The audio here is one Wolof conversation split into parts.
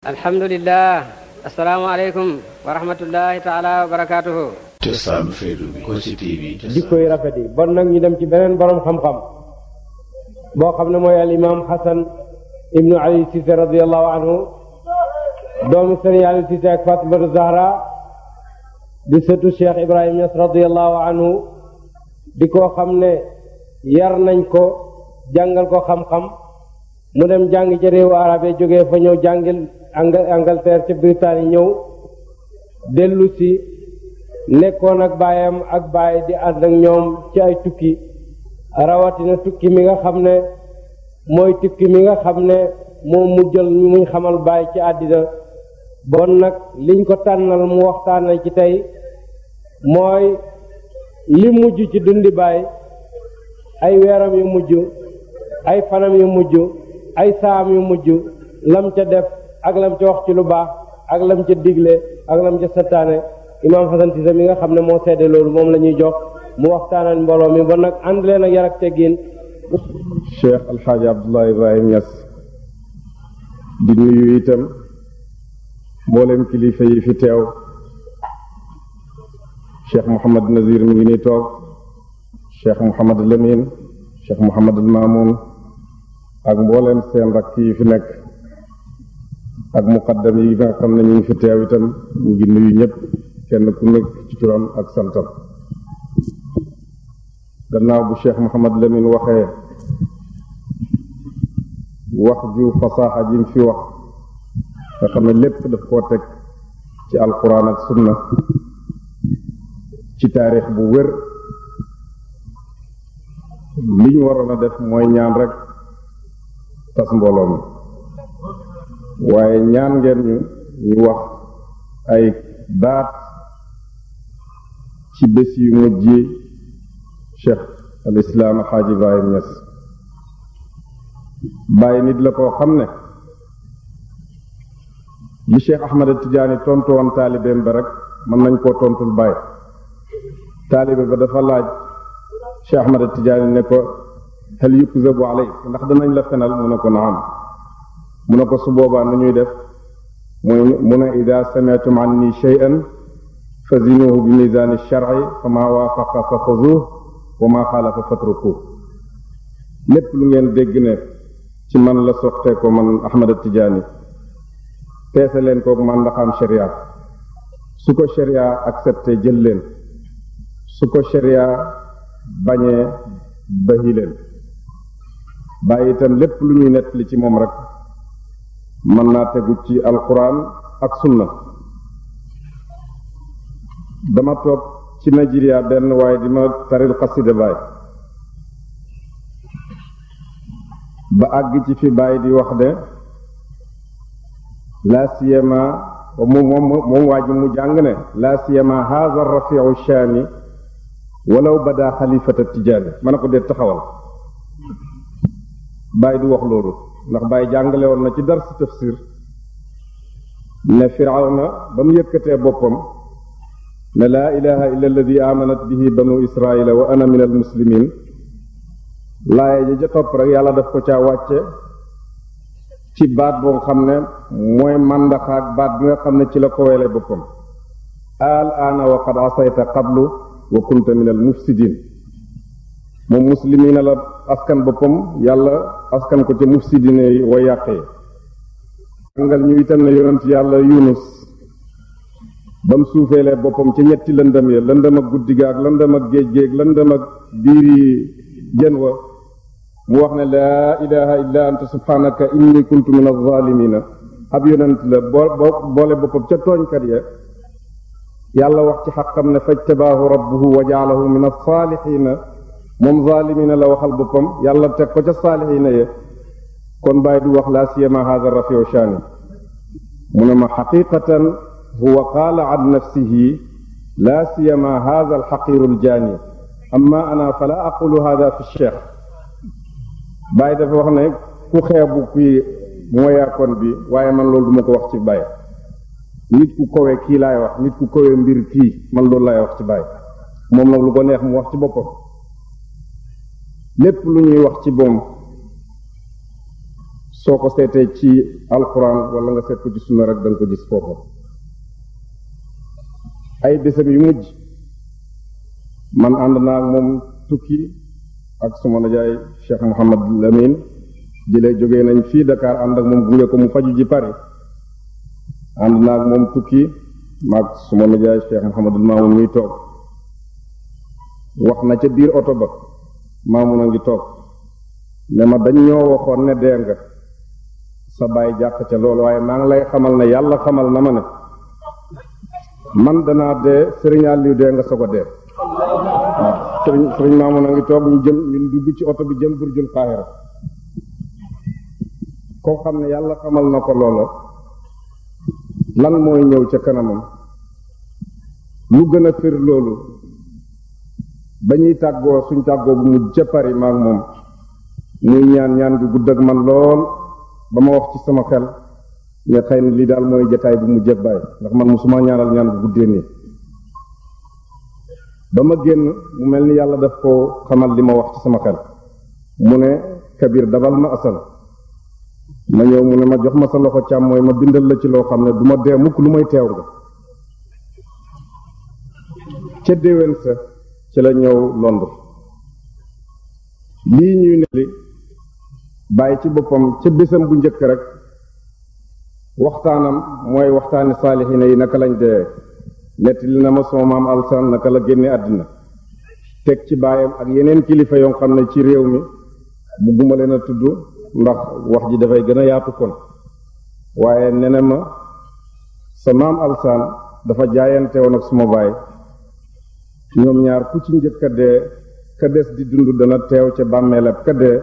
alhamdulillah Assalamualaikum, Warahmatullahi taala Wabarakatuh. barakatuhu cosaanu feetu bi Kossy TV jikko yi rafet yi bon nag ñu dem ci beneen borom xam-xam boo xam ne al imam Hasan ibnu ali Cissé radiallahu anhu doomu sëriñ ali Cissé ak fatimatu zahra di sëtu cheikh ibrahim Niass radiallahu anhu di koo xam ne yar nañ ko jàngal ko xam-xam mu dem jàng ci réewu arabe jógee fa ñëw jàngil Angleterre ca Britagne ñëw dellu si nekkoon ak baayam ak baay di ànd ak ñoom ci ay tukki rawatina tukki mi nga xam ne mooy tukki mi nga xam ne moom mu jël xamal baay ci àddina bon nag liñ ko tànnal mu waxtaanal ci tey mooy li mujj ci dundi baay ay weeram yu mujj ay fanam yu mujj ay saam yu mujj lam ca def ak lam ci wax ci lu baax ak lam ci digle ak lam ci sattaane imam Xasan ci mi nga xamné mo sédé lolu mom lañuy jox mu waxtaanal mbooloo mi ba nak andlé nak yarak tégin cheikh abdullah ibrahim Niass di nuyu itam mbolém kilifa yi fi tew cheikh mohammed Nazir mi ngi ni tok cheikh mohammed Lamine cheikh al Mamoun ak mbolém sen rak fi nek ak muqaddam yi nga xam ñu fi teew itam ñu gi nuyu ñep kenn ku nekk ci turam ak santam gannaaw bu cheikh mohammed lamine waxe wax ju fasaha jim fi wax nga xam lépp daf ko tek ci alquran ak sunna ci tarikh bu wér liñ warona def moy ñaan rek tas mbolom waaye ñaan ngeen ñu ñu wax ay baat ci bés yu mujj yi cheikh al islaam xaaji Baye Niass nit la koo xam ne li cheikh Ahmada Tidiane tontu woon taalibeem ba rek mën nañ koo tontul Baye taalibe ba dafa laaj cheikh Ahmada Tidiane ne ko hal yukzabu alay ndax danañ la fenal mu ne ko naam mu ne ko su boobaa na ñuy def muy mu ne ida anni shay'an fazinuhu bi misani shar'i fa ma waafaqa fa xuzuh wa ma xaalafa fatrukuh lépp lu ngeen dégg ne ci man la soxte ko man ahmad tijaani peese leen koog man ndaxam sharia su ko sharia accepté jël leen su ko sharia bañee bahi leen bàyyi itam lépp lu ñuy nettali ci moom rek mën naa tegu ci alquran ak sunna dama toog ci nigeria benn waaye di ma taril xaside baay ba àgg ci fi baay di wax de la siyama moom moom moom waa ji mu jàng ne la siyama haza rafiu shami walaw bada xalifata tijaani ma ne ko dee taxawal baay du wax loolu ndax bàyyi jàngale woon na ci dar si tafsir ne firawna ba mu yëkkatee boppam ne laa ilaha illa alladi amanat bihi banu israila wa ana min almuslimin laaye ja ja topp rek yàlla daf ko caa wàcce ci baat boo xam ne mooy màndaxaak baat bi nga xam ne ci la ko weele boppam al ana wa qad asayta qablu wa kunta min almufsidin moom muslimina la askan boppam yàlla askan ko ci mufsidine yi yàqe yàqee jàngal ñu itam ne yonent yàlla yunus bam suufeelee boppam ci ñetti lëndëm ya lëndëm ak guddiga ak lëndëm ak géej géeg lëndëm ak biiri jën wa mu wax ne laa ilaha illa anta subhanaka inni kuntu min azalimina ab yonent la boole boppam ca tooñkat ya yàlla wax ci xaqam ne fajtabaahu rabbuhu wa jaalahu min alsaalixina mom zalimin la waxal bopam yàlla tek ko ca salihin ya kon bay du wax la siyama haada rafiu shaani mu ne ma huwa qala an nafsihi la siyama haada alxaqiru aljaani amma ana fala aqulu haada fi cheikh bàyyi dafa wax ne ku xebu xeebu ya kon bi waye man lolou duma ko wax ci bay nit ku kowe ki lay wax nit ku kowe mbir kii man lolou lay wax ci bay mom nag lu ko neex mu wax ci bopam lepp lu ñuy wax ci bom soko sété ci alquran wala nga sét ko ci sunna rek dang ko gis fofu ay bésam yu mujj man and na ak mom tukki ak suma najaay cheikh lamine lamin lay joggé nañ fi dakar and ak mom gunge ko mu faju ji pare and na ak mom tukki mak suma najaay cheikh mohammed maamun muy tok wax na ca biir ba maamuna ngi toog ne ma dañ ñoo waxoon ne dee nga sa bàyyi jàq ca loolu waaye maa ngi lay xamal ne yàlla xamal na ma ne man danaa dee sëriñ Aliou dee nga soog a dee sëriñ sëriñ maamuna ngi toog ñu jëm ñu dugg ci oto bi jëm burjul xaaxira koo xam ne yàlla xamal na ko loola lan mooy ñëw ca kanamam lu gën a fir loolu ba ñuy suñ tàggoo bu mu jëppari maak ñaan ñaan gi gudd ak man lool ba ma wax sama xel ne xëy na lii daal jataay bu mu man musuma ñaanal ñaan gu guddee nii ba génn mu mel ni yàlla def ko xamal li ma wax ci sama xel mu ne kabir dabal ma asal ma ñëw mu ne ma jox ma sa loxo càmm mooy ma bindal la ci loo xam ne duma ma dee mukk lu may teew nga ca déwén sa ci la ñëw Londres lii ñuy neli bàyyi ci boppam ca bisam bu njëkk rek waxtaanam mooy waxtaani saalixina yi naka lañ dee nettali na ma sama maam alsan naka la génne àddina teg ci baayam ak yeneen kilifa yoo xam ne ci réew mi bu guma leen a tudd ndax wax ji dafay gën a yaatu kon waaye nene ma sa maam alsan dafa jaayante woon ak suma baay ñoom ñaar ku ci njëkk a dee ka des di dund dana teew ca bàmmeelab ka dee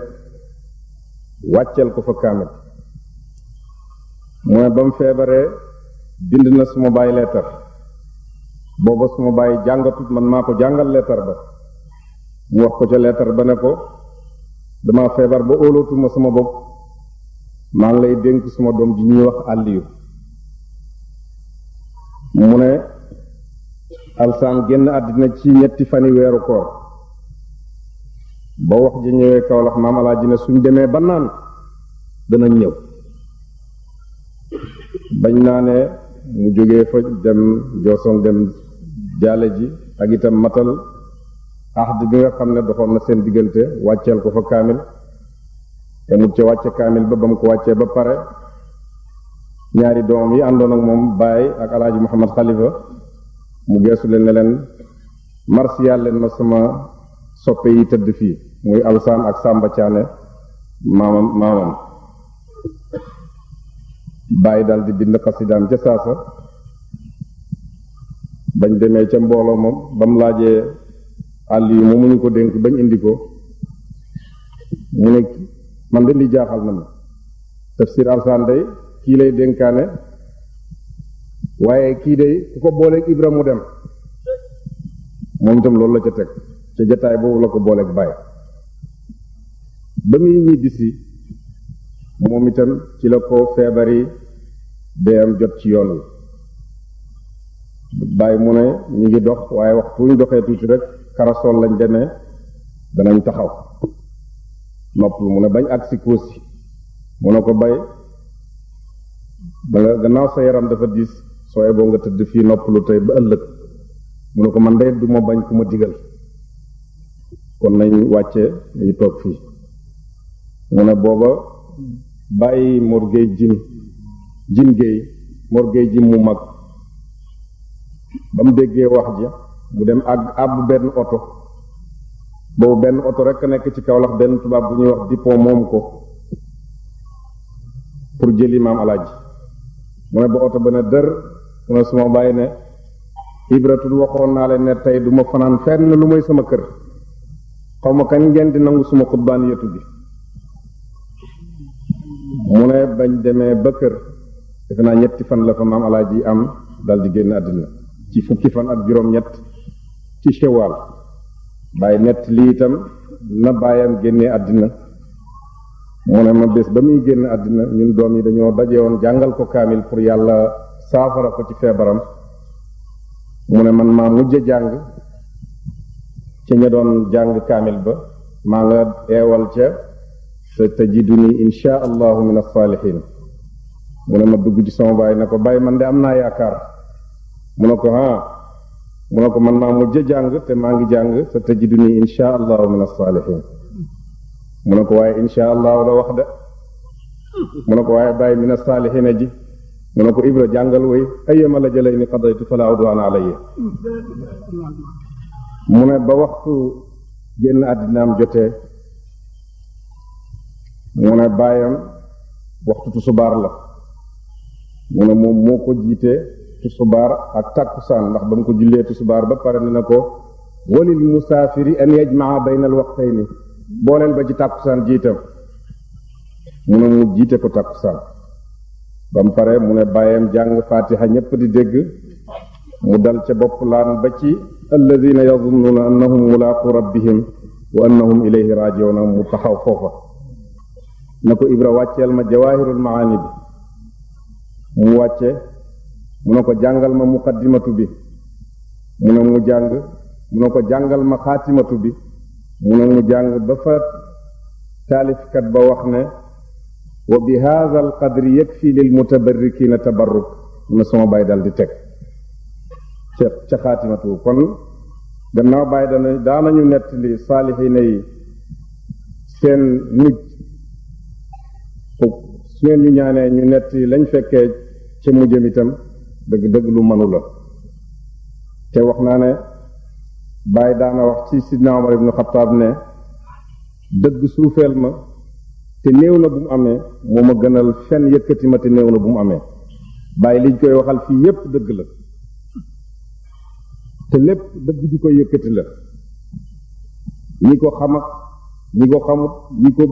wàcceel ko fa kaamil mu ne ba mu feebaree bind na suma bàyyi leetar booba suma bàyyi jàngatut man maa ko jàngal leetar ba mu wax ko ca leetar ba ne ko dama feebar ba óolootuma suma bopp maa ngi lay dénk suma doom ji ñuy wax àlliyu mu ne alsaan génn àddina ci ñetti fani weeru koor ba wax ji ñëwee kawlax maam alaaji ne suñ demee ba naan danañ ñëw bañ naa ne mu jógee fa dem jooson dem jaale ji ak itam matal ahd bi nga xam ne doxoon na seen diggante wàcceel ko fa kaamil te mu ca wàcce kaamil ba ba mu ko wàccee ba pare ñaari doom yi àndoon ak moom baay ak alaaji muhammad xalifa mu gesu nelen len leen marsiyaal leen ma sama soppe yi tedd fi muy alsaan ak samba tiane mamam mamam bay dal di bind qasidam ci sasa bañ demé ci mbolo mom bam laaje ali yi mu ñu ko denk bañ indi ko mu nek man de li na tafsir alsan day ki lay denkane waye ki de ku ko bolé ibra mu dem mom tam loolu la ca tek ca jotaay boobu la ko ak baye bamuy ñi disi moom itam ci la ko feebari day am jot ci yoon baye mu ne ñi ngi dox waaye waxtu ñu rek lañ danañ taxaw nopp mu ne bañ ci kosi mu ne ko bay ba gannaaw sa yaram dafa soye bo nga tëdd fii noppalu tey ba ëllëg mu ne ko man day du ma bañ ku ma digal kon nañ wàcce yi toog fii mu ne booba bàyyi morgéey jin jin géey morgéey jin mu mag ba mu déggee wax ja mu dem àgg àbb benn oto boobu benn oto rek nekk ci benn tubaab bu ñuy wax dipo moom ko pour jëli maam mu ne ba oto ba mu ne suma bàyyi ne ibratul waxoon naa leen ne tey duma fanaan fenn lu mooy sama kër xaw ma kañ ngeen di nangu suma xutbaan yetu bi mu ne bañ demee ba kër defe naa ñetti fan la fa maam alaaji am dal di génn àddina ci fukki fan ak juróom-ñett ci chewaal bàyyi nett lii itam na bàyyam génnee àddina mu ne ma bés ba muy génn àddina ñun doom yi dañoo daje woon jàngal ko kaamil pour yàlla saafara ko ci feebaram mu ne man maa mujj jàng ci ña doon jàng kaamil ba maa nga eewal ca sa tajiduni insha allahu min alsaalihin mu ne ma dugg ci sama baay na ko bàyyi man de am naa yaakaar mu ne ko ah mu ne ko man maa mujj jàng te maa ngi jàng sa tajiduni insha allahu min alsaalihin mu ne ko waaye insha allahu la wax de mu ne ko waaye bàyyi min alsaalihin a ji mu ne ko Ibra jàngal woy ayyama la jëlay ni qadaytu fala udwana mu ne ba waxtu génn àddinaam jotee mu ne bàyyam waxtu tusubaar la mu ne moom moo ko jiitee tusubaar ak tàkkusaan ndax ba mu ko jullee tusubaar ba pare ne na ko walil musaafiri an yajmaa bayna alwaqtayni booleel ba ci tàkkusaan jiitam mu ne mu jiite ko tàkkusaan bam pare mu ne bayam jàng fatiha ñépp di dégg mu dal ci bop laan ba ci alladhina yadhunnuna annahum mulaqu rabbihim wa annahum ilayhi raji'un mu taxaw foofa na ibra waccel ma jawahirul ma'anib mu wàcce mu nako jàngal ma muqaddimatu bi mu ne mu jàng mu nako jàngal ma khatimatu bi mu ne mu jàng ba fa kat ba wax ne وبهذا القدر يكفي للمتبركين تبرك من سما باي دال دي تك تي خاتمه كون غنا باي دا دا نيو نيتلي صالحين اي سين نيت كو سين ني نيانه ني نيتلي لاني فكي تي موجي ميتام دغ دغ لو مانولا تي واخنا نه باي دا نا واخ سي سيدنا عمر بن الخطاب نه دغ سوفل ما te néew na bu mu amee moo ma gënal fen yëkkati ma te néew na bu mu amee bàyyi liñ koy waxal fii yépp dëgg la te lépp dëgg di koy yëkkati la ñi ko xam ak ñi ko xamut ñi ko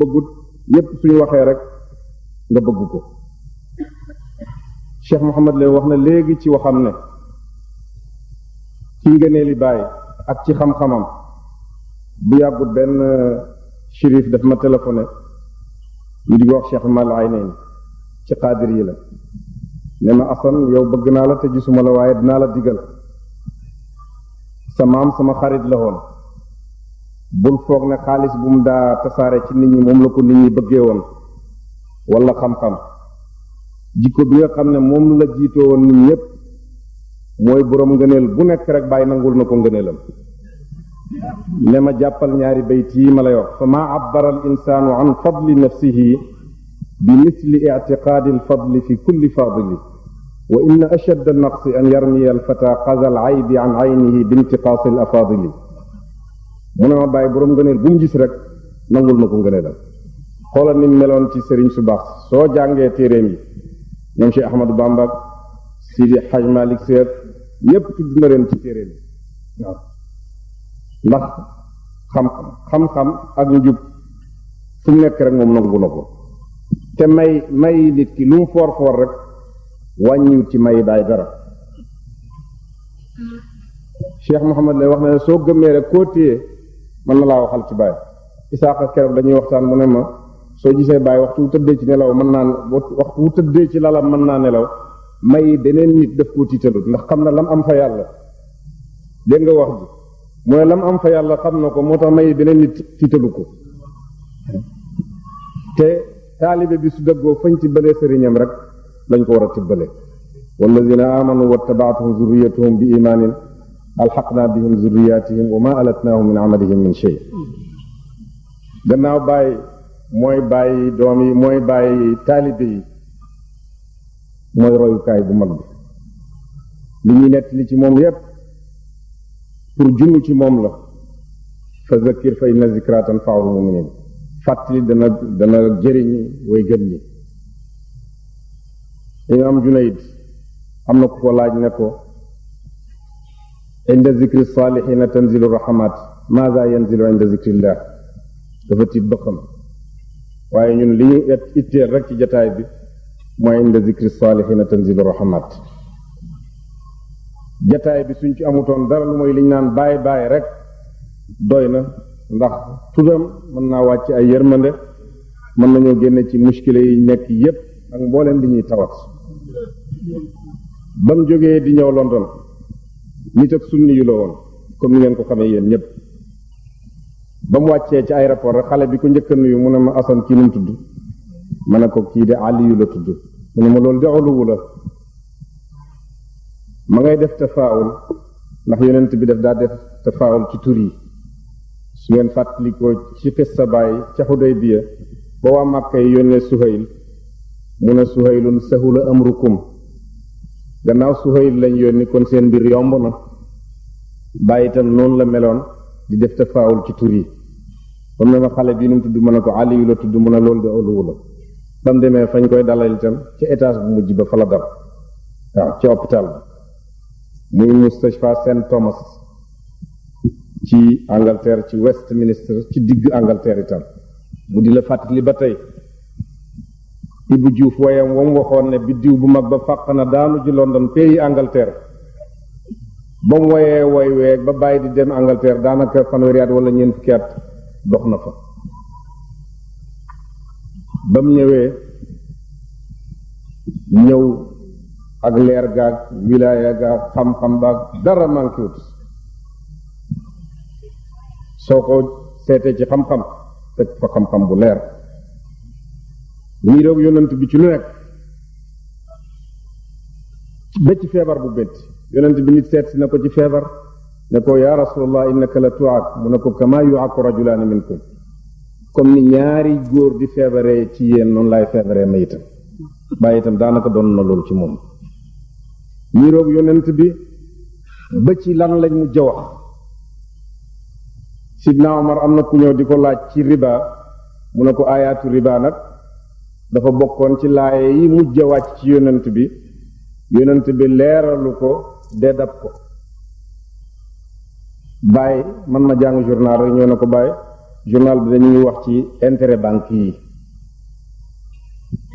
bëgg ak suñu waxee rek nga bëgg ko Cheikh Mouhamed Leye wax na léegi ci waxam ne ci ngëneeli bàyyi ak ci xam-xamam bu yàggut benn Chérif daf ma téléphoné ñu di ko wax Cheikh Mal Aynayn ci xaadir yi la ne ma Assane yow bëgg naa la te gisuma la waaye dinaa la digal sa maam sama xarit la woon bul foog ne xaalis bu mu daa tasaare ci nit ñi moom la ko nit ñi bëggee woon wala xam-xam jikko bi nga xam ne moom la jiitoo woon nit ñépp mooy boroom ngëneel bu nekk rek bàyyi nangul na ko ngëneelam لما جابل نياري بيتي ملايو فما عبر الإنسان عن فضل نفسه بمثل اعتقاد الفضل في كل فاضل وإن أشد النقص أن يرمي الفتى قز العيب عن عينه بانتقاص الأفاضل من باي بروم غنيل بوم جيس رك نغول نكون غنيل خولا ني ميلون تي سيرين سوباخ سو جانغي تيريمي نيم شي احمد بامبا سيدي حاج مالك سير ييب تي دنرن تي تيريمي ndax xam-xam xam-xam ak njub fu mu nekk rek moom nangu na ko te may may nit ki lu mu foor foor rek wàññiwut ci may daay dara Cheikh Mouhamad lay wax ne soo gëmmee rek koo téye mën na laa waxal ci bàyyi Isaaka keroog dañuy waxtaan mu ne ma soo gisee bàyyi waxtu wu tëddee ci nelaw mën naa waxtu wu tëddee ci lalam mën naa nelaw may beneen nit daf koo tiitalut ndax xam na lam am fa yàlla dégg nga wax ji mooy lam am fa yàlla xam na ko moo tax may beneen nit tiitalu ko te taalibe bi su dëggoo fañ ci bëlee sëriñam rek lañ ko war a tibbale walladina amanu wattabaatuhum zurriyatuhum bi imaanin alxaqna bihim zurriyatihim wa ma alatnahum min amalihim min shay gannaaw bàyyi mooy bàyyi doom yi mooy bàyyi taalibe yi mooy royukaay bu mag bi li ñuy nett li ci moom yépp pour junni ci mom la fa zakir fa inna zikra tanfaul muminin fatli dana dana jëriñ way gëm ñi imam junayd am na ku ko laaj ne ko inda zikri salihin tanzilu rahmat ma za yanzilu inda zikrillah dafa tiit bëxam waaye ñun li ñu itteel rek ci jataay bi mooy inda zikri salihin tanzilu rahmat jataay bi suñ ci amutoon dara lu mooy liñ naan bàyyi bàyyi rek doy na ndax turam mën naa wàcc ay yërmande mën nañoo génne ci muskile yi nekk yépp ak mbooleem li ñuy tawat ba mu jógee di ñëw London nit ak suñ yu la woon comme ni ngeen ko xamee yéen ñëpp ba mu wàccee ci aéroport rek xale bi ku njëkk a nuyu mu ne ma Assane kii nu tudd ma ne ko kii de Ali yu la tudd mu ne ma loolu de oluwu la ma ngay def tafaawul ndax yonent bi def daa def tafaawul ci tur yi su ngeen fàttalikoo ci sa bàyyi ca Xudaybiya ba waa Màkka yi yónnee Suhayl mu ne Suhaylun sahula amrukum gannaaw Suhayl lañ yónni kon seen mbir yomb na bàyyi tam noonu la meloon di def tafaawul ci tur yi ba mu ne ma xale bii nu mu tudd mën a ko Aliyu la tudd mën a loolu de oluwu la bam demee fañ koy dalal itam ci étage bu mujj ba fa la dal waaw ci hôpital bi muy Moustapha Saint Thomas ci Angleterre ci Westminster ci digg Angleterre itam mu di la fàttali ba tey Ibou Diouf woyam wam waxoon ne biddiw bu mag ba fàq na daanu ji London pays Angleterre ba mu woyee woy weeg ba bàyyi di dem Angleterre daanaka fanweeri at wala ñeent fukki at na fa ñëw ak leer gaag wilaaya gaag xam-xam baag dara manquewut soo ko seetee ci xam-xam teg fa xam-xam bu leer ñii doog yonent bi ci lu nekk ba ci feebar bu bét yonent bi nit seet si na ko ci feebar ne ko yaa rasulallah innaka la tuaak mu ne ko kama yuaku rajulaani minkum comme ni ñaari góor di feebaree ci yéen noonu laay feebaree ma itam bàyyi itam daanaka doon na loolu ci moom niro yonent bi ba ci lan lañ mu jaw sidna omar amna ku ñew diko laaj ci riba mu ko riba nak dafa bokkon ci laaye yi mu wàcc ci yonent bi yonent bi leralu ko dab ko bàyyi man ma jang journal rek ñëw na ko journal bi dañuy wax ci intérêt banque yi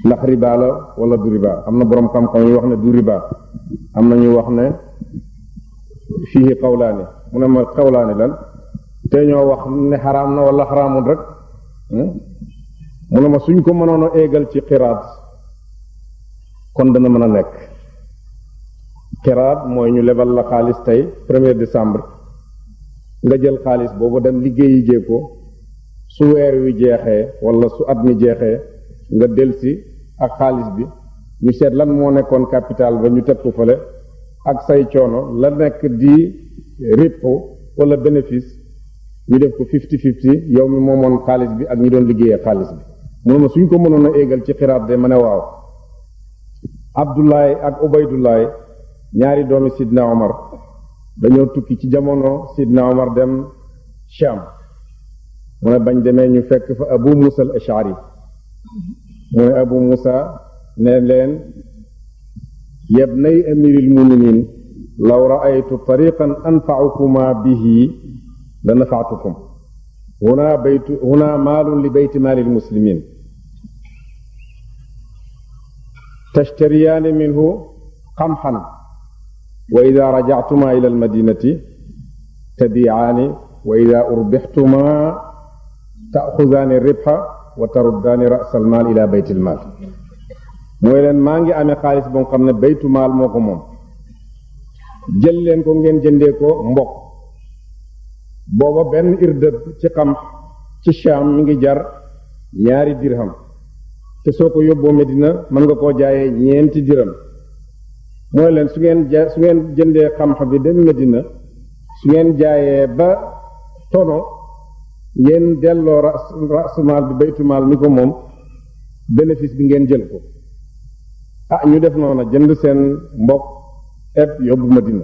ndax riba la wala du riba amna borom xam-xam yi wax na du riba am na ñu wax ne fii xawlaani mu ne ma xawlaani lan te ñoo wax ne xaraam na wala xaraamul rek hmm? mu ne ma suñ ko mënoon a éegal ci xiraat kon dana mën a nekk xiraat mooy ñu lebal la xaalis tey premier décembre nga jël xaalis boobu dem liggéeyi jee ko su weer wi jeexee wala su at mi jeexee nga delsi ak xaalis bi ñu seet lan moo nekkoon capital ba ñu teg ko fële ak say coono la nekk di ripo wala bénéfice ñu def ko fifty fifty yow mi moomoon xaalis bi ak ñu doon liggéeyee xaalis bi mu ne suñ ko mënoon a éegal ci xiraat ma ne waaw Abdoulaye ak Ubaydullahi ñaari doomi Sidna Omar dañoo tukki ci jamono Sidna Omar dem Sham mu ne bañ demee ñu fekk fa Abu Musa al Ashari mu ne Abu Musa نعم لين يا ابني أمير المؤمنين لو رأيت طريقا أنفعكما به لنفعتكم هنا بيت هنا مال لبيت مال المسلمين تشتريان منه قمحا وإذا رجعتما إلى المدينة تبيعان وإذا أربحتما تأخذان الربح وتردان رأس المال إلى بيت المال mooy leen maa ngi amee xaalis boo xam ne baytu maal moo ko moom jël leen ko ngeen jëndee ko mbokk booba benn irdat ci xam ci Sham mi ngi jar ñaari dirham te soo ko yóbboo Medina mën nga koo jaayee ñeenti dirham mooy leen su ngeen ja su ngeen jëndee xam bi dem Medina su ngeen jaayee ba tono ngeen delloo ras rasumaal bi baytumaal mi ko moom bénéfice bi ngeen jël ko ah ñu def noona jënd seen mbokk et yóbbu Madina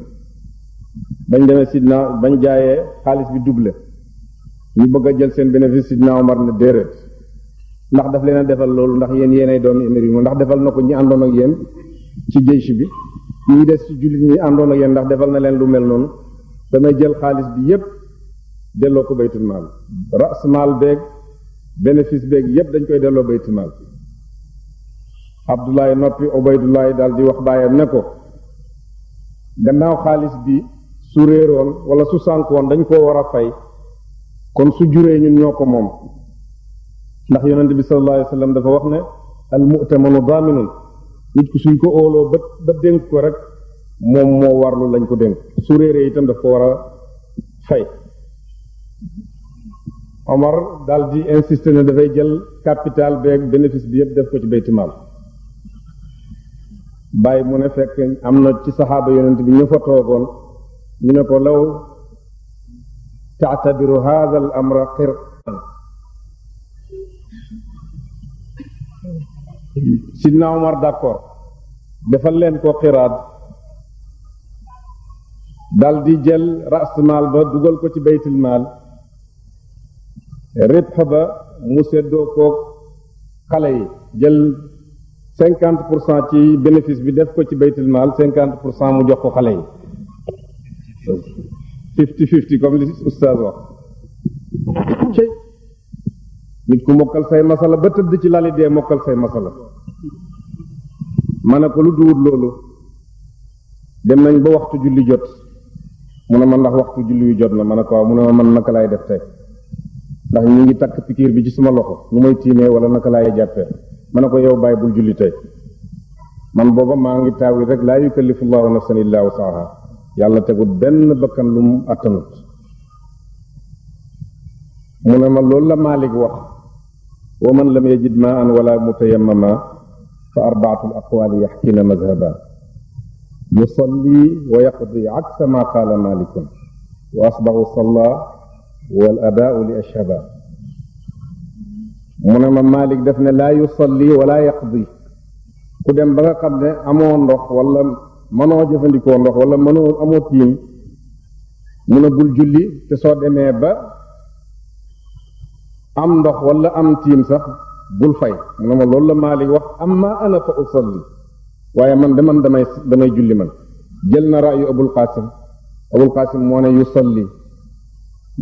bañ demee sidna bañ jaayee xaalis bi double ñu bëgg a jël seen bénéfice sidna Omar na déedéet ndax daf leen defal loolu ndax yéen yéenay doomi émir yi moom ndax defal na ko ñi àndoon ak yéen ci jeysi bi ñi des ci jullit ñi àndoon ak yéen ndax defal na leen lu mel noonu damay jël xaalis bi yépp delloo ko baytul maal ras maal beeg bénéfice yépp dañ koy delloo baytul maal abdullahi noppi obaydullahi daal di wax baayam ne ko gannaaw xaalis bi su réeroon wala su sànkoon dañ koo war a fay kon su juree ñun ñoo ko moom ndax yonente bi sallallahu alayhi wasallam dafa wax ne al mu'tamanu daminun nit ku suñ ko óoloo ba ba dénk ko rek moom moo warlu lañ ko dénk su réeree itam daf ko war a fay omar daal insisté ne dafay jël capital beeg bénéfice bi yépp def ko ci baytimaal bàyyi mu ne fekk am na ci saxaaba yonent bi ñu fa toogoon ñu ne ko law taatabiru haada amra xir sidna Omar d'accord defal leen ko xiraat dal di jël rasmaal ba dugal ko ci baytul maal ribx ba mu seddoo ko xale yi jël cinquante pour cent ci bénéfice bi def ko ci baytul maal cinquante pour cent mu jox ko xale yi fifty fifty comme li oustaz wax cey nit ku mokkal say masala ba tëdd ci lali dee mokkal say masala ma ne ko lu duwut loolu dem nañ ba waxtu julli jot mu ne ma ndax waxtu julli yu jot na ma ne ko waaw mu ne ma man naka laay def tey ndax ñu ngi takk pikiir bi ci suma loxo lu may tiimee wala naka laay jàppee ma ko yow bay bul julli tay man boba ma ngi taawi rek la yukallifu llahu nafsan illa wusaha yàlla tegu ben bakkan lum mu mune ma lol la Malik wax wa man lam yajid ma'an wala mutayammama fa arbaatul aqwal yahkina madhhaba yusalli wa yaqdi aksa ma qala malikun wa asbaghu salla wal aba'u li ashhabah mu ne ma Malik def ne laa yusalli wala yaqdi ku dem ba nga xam ne amoo ndox wala mënoo jëfandikoo ndox wala mënoo amoo tiim mu ne bul julli te soo demee ba am ndox wala am tiim sax bul fay mu ne ma loolu la Malik wax amma ana fa usalli waaye man de man damay damay julli man jël na rayu abul qasim abul qasim moo ne yusalli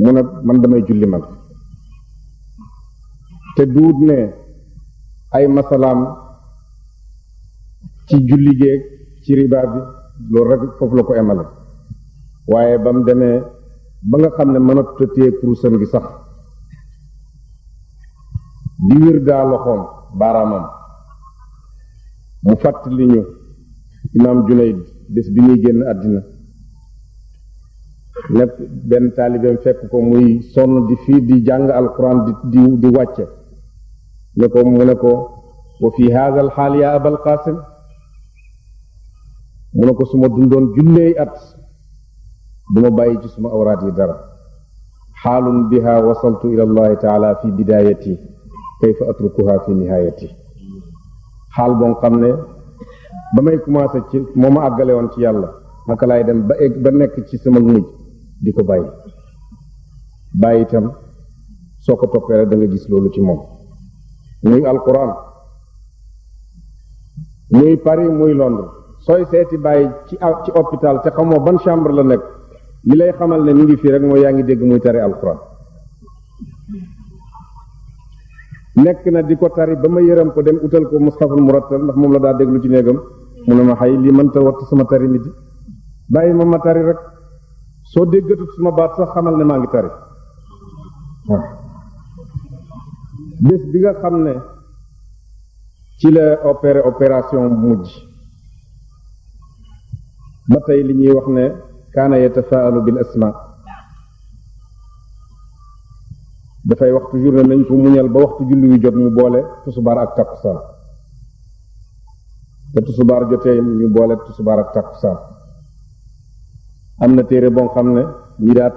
mu ne man damay julli man te duut ne ay masalaam ci julli géeg ci riba bi loolu rek foofu la ko emale waaye ba mu demee ba nga xam ne mënatuta téye kurusam gi sax di wér daa loxoom baaraamam mu fàttali ñu imaam Junayd bés bi ñuy génn àddina nekk benn mu fekk ko muy sonn di fii di jàng alxuraan di di wàcce نكو منكو وفي هذا الحال يا أبا القاسم منكو سمو دندون جلي أت دمو باي جسم أورادي در حال بها وصلت إلى الله تعالى في بدايتي كيف أتركها في نهايتي حال بون قمنا بمي كماسة موما أقلي وانت يالله maka lay dem ba eg ba nek ci sama nit diko bayyi bayyi tam soko topere da nga gis lolu ci muy alquran muy Paris muy Londres sooy seeti bàyyi ci ci hôpital te xamoo ban chambre la nekk li lay xamal ne mi ngi fii rek mooy yaa ngi dégg muy tari alquran nekk na di ko tari ba ma yërëm ko dem utal ko mu Murattal ndax moom la daa déglu ci néegam mu ne ma xay li mënta wattu sama tari mi di bàyyi ma ma tari rek soo déggatut suma baat sax xamal ne maa ngi tari bés bi nga xam ne ci la opéré opération mujj ba tey li ñuy wax ne kaana yatafaalu bil asma dafay wax toujours ne nañ ko muñal ba waxtu julli wi jot mu boole tusubaar ak takkusaan te tusubaar jotee ñu boole tusubaar ak takkusaan am na téere boo xam ne ñi daat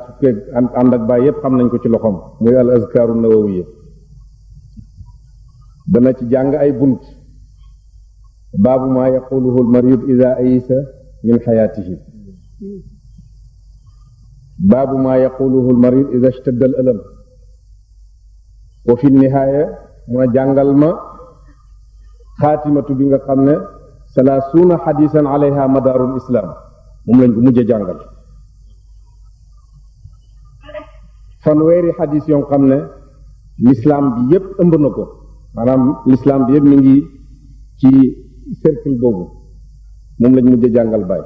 ànd ak baay yépp xam nañ ko ci loxom muy al azkaaru nawawiya dana ci jàng ay bunt baabu maa yaquluhu almarid ida ayisa min xayaatihi baabu maa yaquluhu almarid ida ishtadda alalam wa fi nihaaya mu ne jàngal ma xaatimatu bi nga xam ne salaasuuna xadisan alayha madaarul islaam moom lañ ko mujj jàngal fanweeri xadis yoo xam ne lislaam bi yépp ëmb na ko maanaam l'islam bi yëpp mu ngi ci cercle boobu moom lañ mujj jàngal baay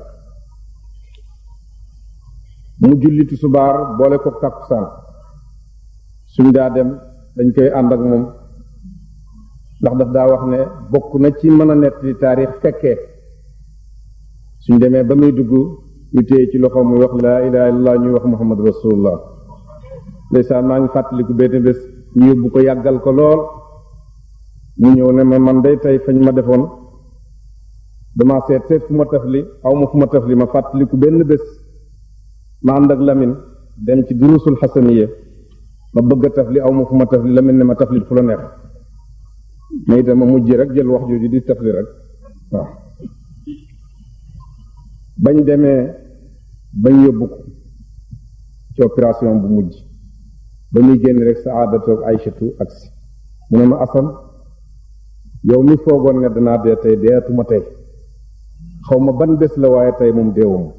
mu jullitu subaar boole ko takkusaan suñ daa dem dañ koy ànd ak moom ndax daf daa wax ne bokk na ci mën a nettali taarix fekkee suñ demee ba muy dugg ñu téye ci loxo muy wax laa ilaha illallah ñuy wax muhammad rasulullah ndeysaan maa ngi fàttaliku benn bés ñu yóbbu ko yàggal ko lool ñu ñëw ne ma man day tey fañ ma defoon dama seet seet fu ma tëfli aw ma fu ma tëfli ma fàttaliku benn bés ma ànd ak lamin dem ci durusul xasaniye ma bëgg a tëfli aw ma fu ma tëfli lamin ne ma tëfli fu la neex ma itam ma mujj rek jël wax jooju di tëfli rek waaw bañ demee bañ yóbbu ko ci opération bu mujj ba muy génn rek sa aada toog Aysatu ak si mu ne ma asan yow mi foogoon ne danaa dee tey deetuma tey xaw ma ban bés la waaye tey moom deewuma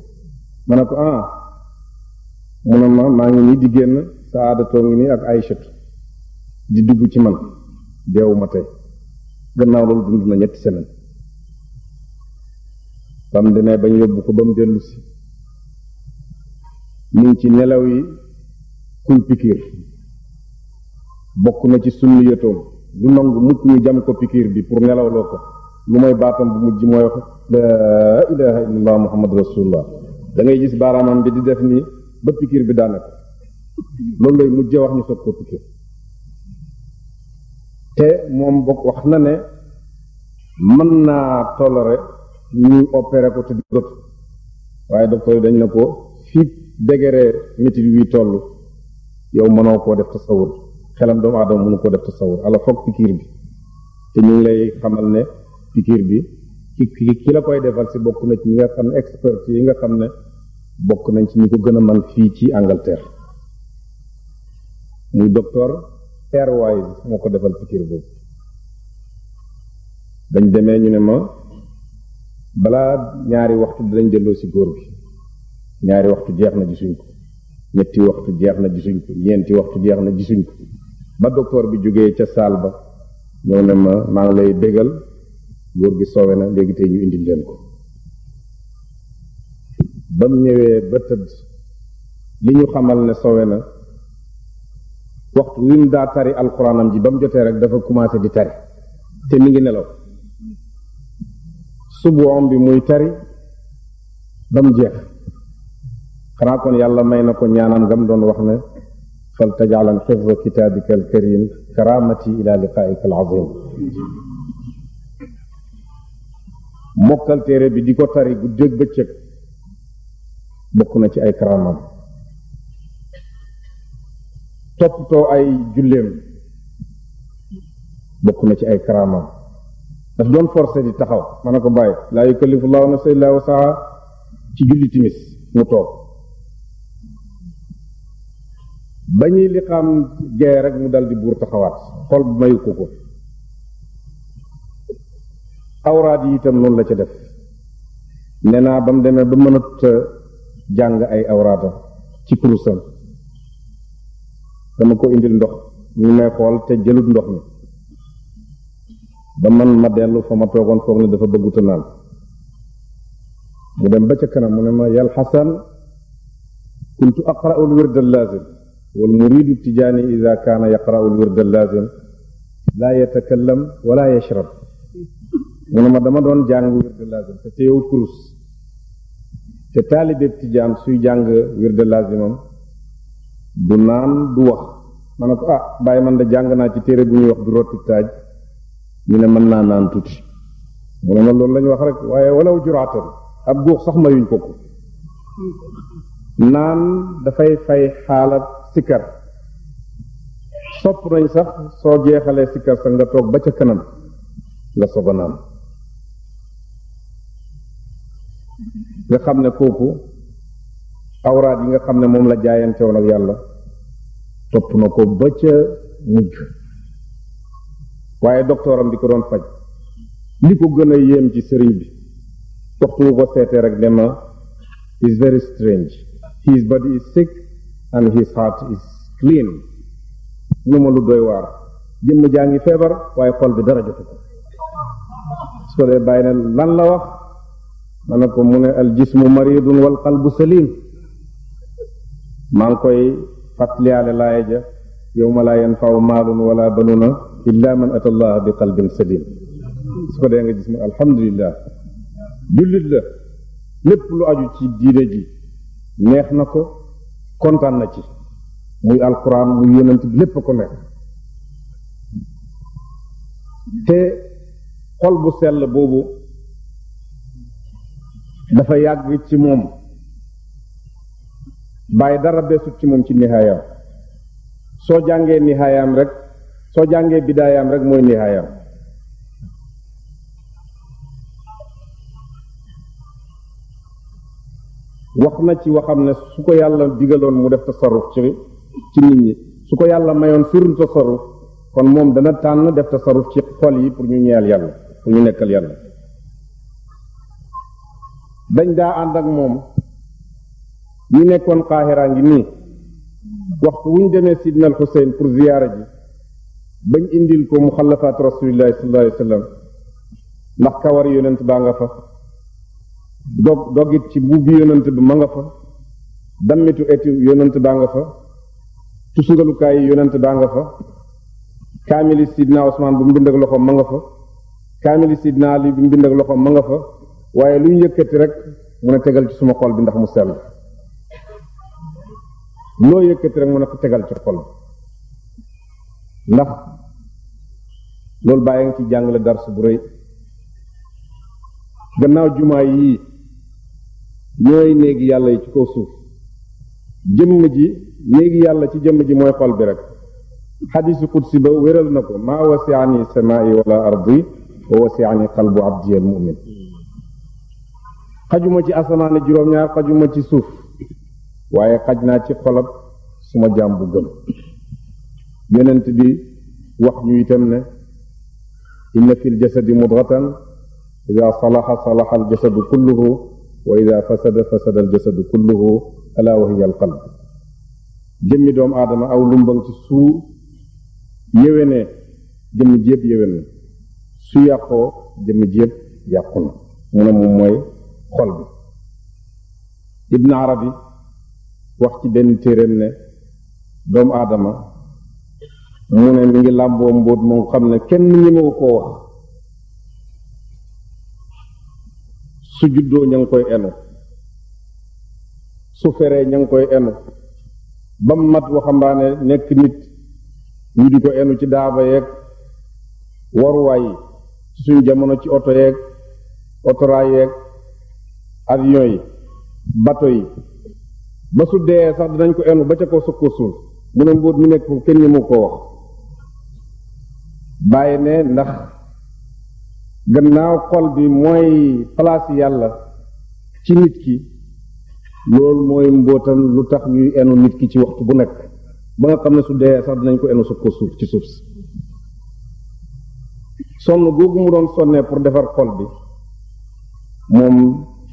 ma ne ko ah mu ne ma maa ngi nii di génn saadatoo ngi nii ak Aysatu di dugg ci man deewuma tey gannaaw loolu dund na ñetti semaine bam demee bañ yóbbu ko ba mu dellu si ci nelaw yi kuy pikiir bokk na ci sunni yëtoom du nangu mukk ñu jam ko pikiir bi pour nelawloo ko lu mooy baatam bu mujj mooy wax laa ilaha illallah muhammad rasulullah da ngay gis baaraamam bi di def nii ba pikiir bi daanaka loolu lay mujjee wax ñu soog ko pikiir te moom bokk wax na ne mën naa toléré ñuy opéré ko te du rot waaye docteur yi dañ na ko fii dégéree métit wi toll yow mënoo koo def tasawur xelam doomu aadama mënu ko def tasawur ala foog pikiir bi te ñu lay xamal ne pikiir bi ki ki la koy defal si bokk na ci ñi nga xam ne expert yi nga xam ne bokk nañ ci ñi ko gën a man fii ci Angleterre muy docteur Airwise moo ko defal pikiir boobu dañ demee ñu ne ma balaa ñaari waxtu dinañ delloo si góor gi ñaari waxtu jeex na gisuñ ko ñetti waxtu jeex na gisuñ ko ñeenti waxtu jeex na gisuñ ko ba docteur bi jógee ca saal ba ñëw ne ma maa ngi lay bégal góor gi soowe na léegi tey ñu indil leen ko ba mu ñëwee ba tëdd li ñu xamal ne soowe na waxtu wi mu daa tari alxuraanam ji ba mu jotee rek dafa commencé di tari te mi ngi nelaw suboom bi muy tari ba mu jeex xanaa kon yàlla may na ko ñaanam gam doon wax ne فلتجعلن الحفظ كتابك الكريم كرامتي الى لقائك العظيم موكل تيري بي ديكو تاري بو ديك بيتك بوكنا سي اي كرامات توبتو اي جوليم بوكنا سي اي كرامات دا دون فورسي دي تاخاو مانكو باي لا يكلف الله نفسا الا وسعها سي جولي تيميس مو توب ba ñuy liqaam gee rek mu dal di buur taxawaat xol mayu ko ko awraat yi itam noonu la ca def nee naa ba mu demee ba mënat jàng ay awraata ci kurusam ko indil ndox ñu may man ma dellu ma foog ne dafa bëgguta naan mu dem ba ca kanam mu ne ma yal xasan kuntu aqra'ul wird al lazim wal muridu tijaani ida kaana yaqra'u lwirda lazim laa yatakallam wala yashrab mu ma dama doon jàng wirda lazim te teewut kurus te taalibeeb tijaan suy jàng wirda lazimam du naan du wax ma ne ko ah bàyyi man da jàng naa ci téere bu ñuy wax du rotti taaj ñu ne mën naa naan tuuti mu ma loolu lañu wax rek waaye walaw juraatan ab góox sax mayuñ ko ko naan dafay fay xaalat sikkar sopp nañ sax soo jeexalee sikkar sax nga toog ba ca kanam nga soog nga xam ne kooku awraat yi nga xam ne moom la jaayante woon yàlla topp na ko ba ca mujj waaye doktooram bi ko doon faj li ko gën a yéem ci sëriñ bi waxtu wu ko seetee rek ne is very strange his body is sick and his heart is clean nu ma lu doy war jëmm jaa febar way xol bi dara jotu so le ko lan la wax manako mune al jismu maridun wal qalbu salim mang ngi koy fàttaliyaale laaya ja yowma laa yanfaw maalun wala banuna illa man ata allah bi qalbin salim su de nga gis mu alhamdulillah julit la lépp lu aju ci diine ji neex nako kontaan na ci muy alxuraan muy yonent bi lépp ko nekk te xol bu sell boobu dafa yàgg ci moom bàyyi dara beesut ci moom ci nihaayam soo jàngee nihaayam rek soo jàngee bidaayaam rek mooy nihaayam wax na ci waxam ne su ko yàlla digaloon mu def tasarruf ci ci nit ñi su ko yàlla mayoon firul tasarruf kon moom dana tànn def tasarruf ci xol yi pour ñu ñeel yàlla pour ñu nekkal yàlla dañ daa ànd ak moom ñu nekkoon xaaxiraa ngi nii waxtu wu ñu demee sidna al xuseyn pour ziyaara ji bañ indil ko muxallafaat rasulillahi sallallahu alayhi ndax kawar yonent baa nga fa dog dogit ci buubi yonant bi ma nga fa dammitu eti yonant baa nga fa tusungalukaay yonant baa nga fa kaamili sidna Usmaan bu mbind ak loxoom ma nga fa kaamili sidna Ali bu mbind ak loxoom ma nga fa waaye lu ñu yëkkati rek mun a tegal ci suma xol bi ndax mu sell loo yëkkati rek mun a ko tegal ci xol bi ndax loolu bàyyi nga ci jàngale dars bu rëy gannaaw jumaa yii ñooy néegi yàlla yi ci kaw suuf jëmm ji néegi yàlla ci jëmm ji mooy xol bi rek xadisu qudsi ba wéral na ko maa wasiani samaai wala ardi wa wasiani qalbu abdi al mumin xajuma ci asamaane juróom-ñaar xajuma ci suuf waaye xaj naa ci xolab suma jaam bu gëm yonent bi wax ñu itam ne inna fi l jasadi mudratan ida salaxa salaxa al jasadu kulluhu wa ida fasada fasada al aw lumbang ci suu yéwénee jëmmi yàqu na mu ne moom mooy Arabi wax ci benn téeréem ne doomu aadama mu ne mi ngi làmboo mbóot moom xam ne kenn ñi ma ko wax su juddoo ña koy enu su feree ña ngi koy enu ba mu mat waxambaane nekk nit ñu di ko enu ci daaba yeeg waruwaay yi ci suñu jamono ci oto yeeg otoraay yeeg avion yi bato yi ba su dee sax dinañ ko enu ba ca ko sukko suul mu ne mbóot mi nekk kenn mu ko wax bàyyi ne ndax gannaaw xol bi mooy place yàlla ci nit ki loolu mooy mbootam lu tax ñuy enu nit ki ci waxtu bu nekk ba nga xam ne su dee sax dinañ ko enu su ko suuf ci suuf si sonn googu mu doon sonnee pour defar xol bi moom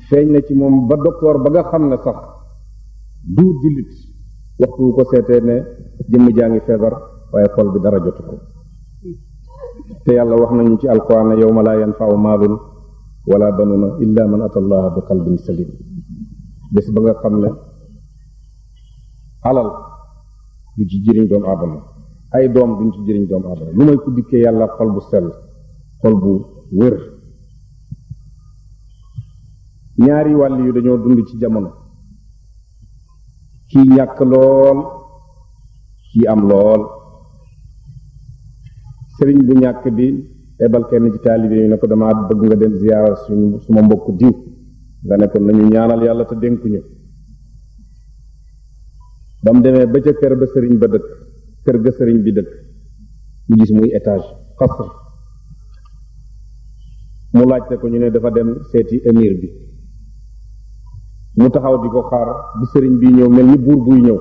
feeñ na ci moom ba docteur ba nga xam ne sax du jullit waxtu wu ko seetee ne jëmm jaa ngi feebar waaye xol bi dara jotu ko te yàlla wax nañu ci alquran ne yawma laa yanfau maalun wala banuna illa man ata allaha bi qalbin salim bés ba nga xam ne alal du ci jëriñ doomu aadama ay doom duñ ci jëriñ doomu aadama lu may ku dikkee yàlla xol bu sell xol bu wér ñaari wàll yu dañoo dund ci jamono kii ñàkk lool kii am lool sëriñ bu ñàkk di ebal kenn ci taalibe yi ne ko damaa bëgg nga dem ziyaara suñu suma mbokk diw nga ne ko nañu ñaanal yàlla te dénkuñu ba mu demee ba ca kër ba sëriñ ba dëkk kër ga sëriñ bi dëkk mu gis muy étage xasr mu laajte ko ñu ne dafa dem seeti émir bi mu taxaw di ko xaar bi sëriñ bi ñëw mel ni buur buy ñëw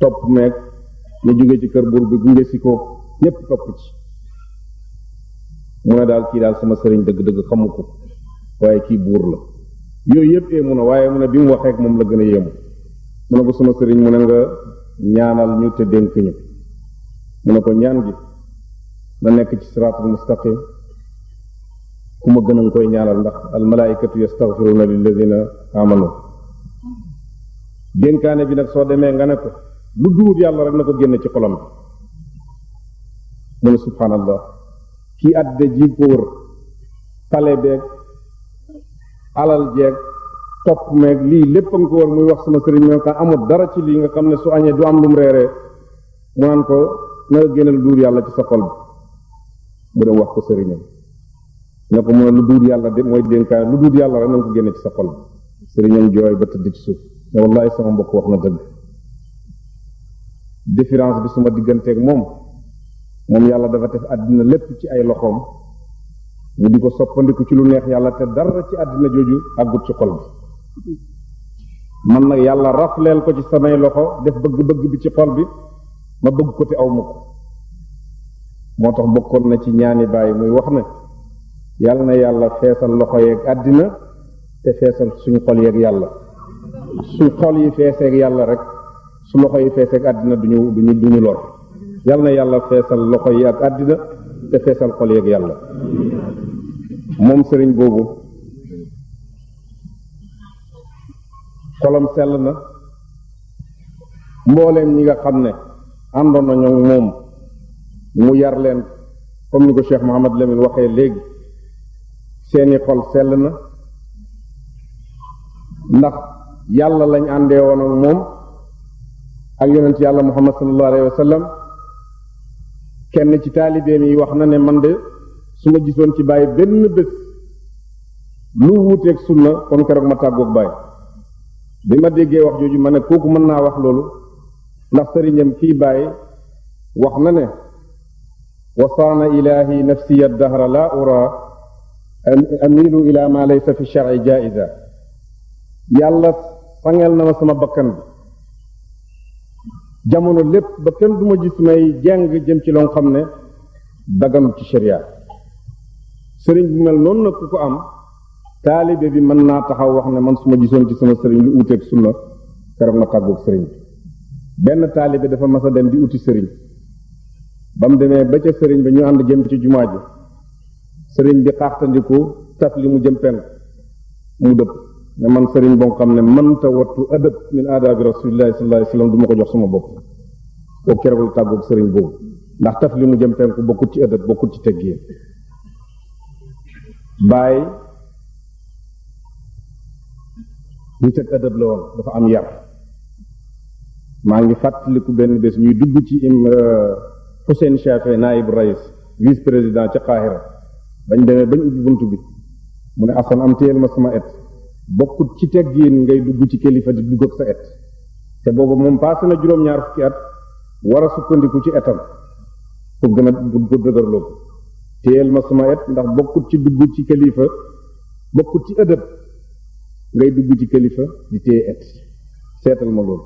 topp meeg ñu jóge ci kër buur bi gunge si ko ñépp topp ci mun a daal kii daal sama sëriñ dëgg-dëgg xamu ko waaye kii buur la yooyu yëpp ee mun a waaye mun a bi mu waxee ak moom la gën a yéemu mu ne ko sama sëriñ mu ne nga ñaanal ñu ko ñaan gi na nekk ci siraatul mustaqim ku ma gën a al malaaikatu yastaghfiruna dénkaane bi nag soo demee nga ne ko lu duur yàlla rek na ko génn ci xolam mu subhanallah ki adde ji góor pale beeg alal jeeg topp meeg lii lépp nga ko war muy wax sama sëriñ amul dara ci lii nga xam ne su añee du am lum reeree mu naan ko na génnal duur yàlla ci sa xol bi mu dem wax ko sëriñam ne ko mu lu duur yàlla de mooy dénkaay lu duur yàlla rek na nga ko génne ci sa xol bi sëriñam jooy ba tëdd ci suuf ne wallahi sama mbokk wax na dëgg différence bi suma digganteeg moom moom yàlla dafa def àddina lépp ci ay loxoom ñu di ko soppandiku ci lu neex yàlla te dara ci àddina jooju àggut ci xol bi man nag yàlla rafleel ko ci samay loxo def bëgg-bëgg bi ci xol bi ma bëgg ko te aw ma ko moo tax bokkoon na ci ñaani bàyyi muy wax na yàlla na yàlla feesal loxo yeeg àddina te feesal suñu xol yeeg yàlla su xol yi feeseeg yàlla rek su loxo yi feeseeg àddina duñu duñu duñu lor yal na yàlla feesal loxo yi ak àddina te feesal xol yi ak yàlla moom sëriñ boobu xolom sell na mbooleem ñi nga xam ne àndoon na ñoom moom mu yar leen comme ni ko Cheikh Mohamad Lamine waxee léegi seeni xol sell na ndax yàlla lañ àndee woon ak moom ak yonent yàlla muhammad sallallahu alayhi wa kenn ci taalibeem yi wax na ne man de su ma gisoon ci bàyyi benn bés lu wuuteeg sunna kon keroog ma tàggoog bàyyi bi ma déggee wax jooju ma ne kooku mën naa wax loolu ndax sëriñam kii bàyyi wax na ne wasaana ilahi nafsiya dahra la ura amilu ila ma laysa fi shar'i jaiza yàlla sangel na ma sama bakkan bi jamono lépp ba kenn du ma gis may jàng jëm ci loo xam ne dagam ci sharia sëriñ bu mel noonu nag ku ko am taalibe bi mën naa taxaw wax ne man suma ma gisoon ci sama sëriñ lu uuteeg sunna keroog ma tàggoog sëriñ bi benn taalibe dafa mas a dem bi uti sëriñ ba mu demee ba ca sëriñ ba ñu ànd jëm ci jumaa ji sëriñ bi xaaxtandiku taf li mu jëm penk mu dëpp ne man sëriñ boo xam ne mënta wattu adab min aadaabi rasulillahi sallallahu alayhi wasallam du ma ko jox sama bopp ko keroog la tàggoog sëriñ boobu ndax taf li mu jëm penku bokkut ci adab bokkut ci teggin bàyyi nit ak adab la woon dafa am yar maa ngi fàttaliku benn bés ñuy dugg ci im Hussein Chafe naib rais vice président ca Qahira bañ demee bañ ubbi bunt bi mu ne asan am téyel ma sama et bokkut ci teggiin ngay dugg ci kilifa di dugg ak sa et te boobu moom passé na juróom-ñaar fukki at war a sukkandiku ci etam pour gën a pour dëgërloo ndax bokkut ci dugg ci kilifa bokkut ci ëdëb dugg ci kilifa di téye et seetal ma loolu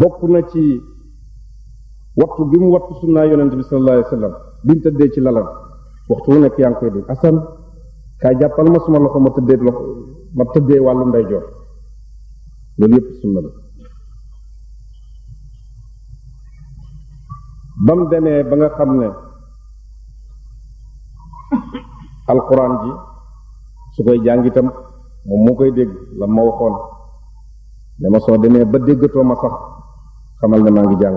bokk na ci wattu gi mu wattu sunnaa yonent bi sallallahu alayhi wa sallam bi tëddee ci lalam waxtu wu nekk yaa ngi koy dégg asan kay jappal ma suma loxo ma tuddé loxo ma tuddé walu nday jor yépp sunna la bam démé ba nga xamné alquran ji su koy jàng itam moom moo koy dégg la ma waxon ne ma mangi ba déggato ma sax xamal na ma ngi jang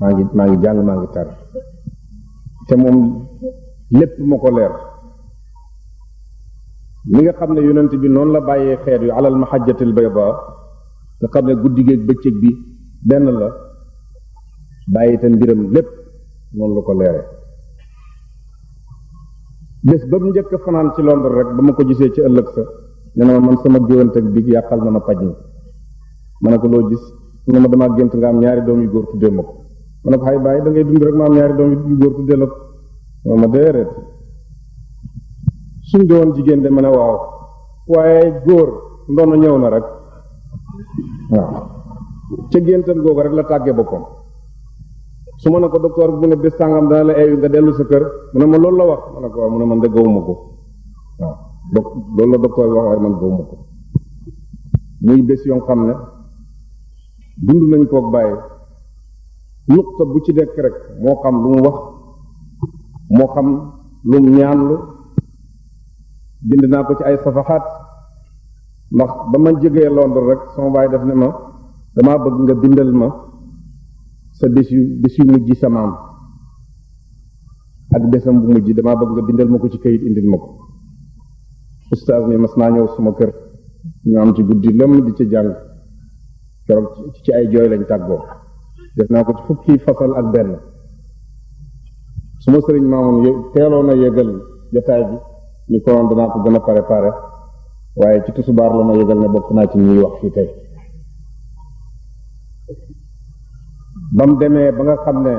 ma ngi ma ngi jang ma ngi tar té mom lépp lér li nga xam ne yonent bi noonu la bàyyee xeet yu alal mahajjatil bayda nga xam ne guddi géeg bëccëg bi benn la bàyyi te mbiram lépp noonu la ko leere bés ba mu njëkk fanaan ci Londres rek ba ma ko gisee ci ëllëg sa ne na ma man sama géwante bi yàqal na ma paj mi ma ne ko loo gis mu ne ma damaa gént nga am ñaari doom yu góor tuddee ma ko ma ne ko xay bàyyi da dund rek ma am ñaari doom yu góor tuddee la ko ma ma déedéet suñ doon jigéen de mën a waaw waaye góor ndono ñëw na rek waaw ca géntam googu rek la tàggee boppam su ma ne ko docteur bu ne bés sàngam dana la eeyu nga dellu sa kër mu ne ma loolu la wax ma ne ko mu ne man de gawuma ko waaw la docteur wax waaye man gawuma muy bés yoo xam ne dund nañ koog bàyyi nuqta bu ci dekk rek moo xam lu mu wax moo xam lu mu ñaanlu bind naa ko ci ay safaxaat ndax ba ma jegee Londres rek sama baay def ne ma damaa bëgg nga bindal ma sa bés yu bés yu mujj sa maam ak bésam bu mujj damaa bëgg nga bindal ma ko ci kayit indil ma ko ustaas mi mas naa ñëw suma kër ñu am ci guddi lëmm di ci jàng keroog ci ay jooy lañ tàggoo def naa ko ci fukki fasal ak benn suma sëriñ maamoon teeloo na yëgal jotaay bi ni konoon danaa ko gën a préparé waaye ci tusubaar la ma yëgal ne bokk naa ci ñuy wax fii tey ba demee ba nga xam ne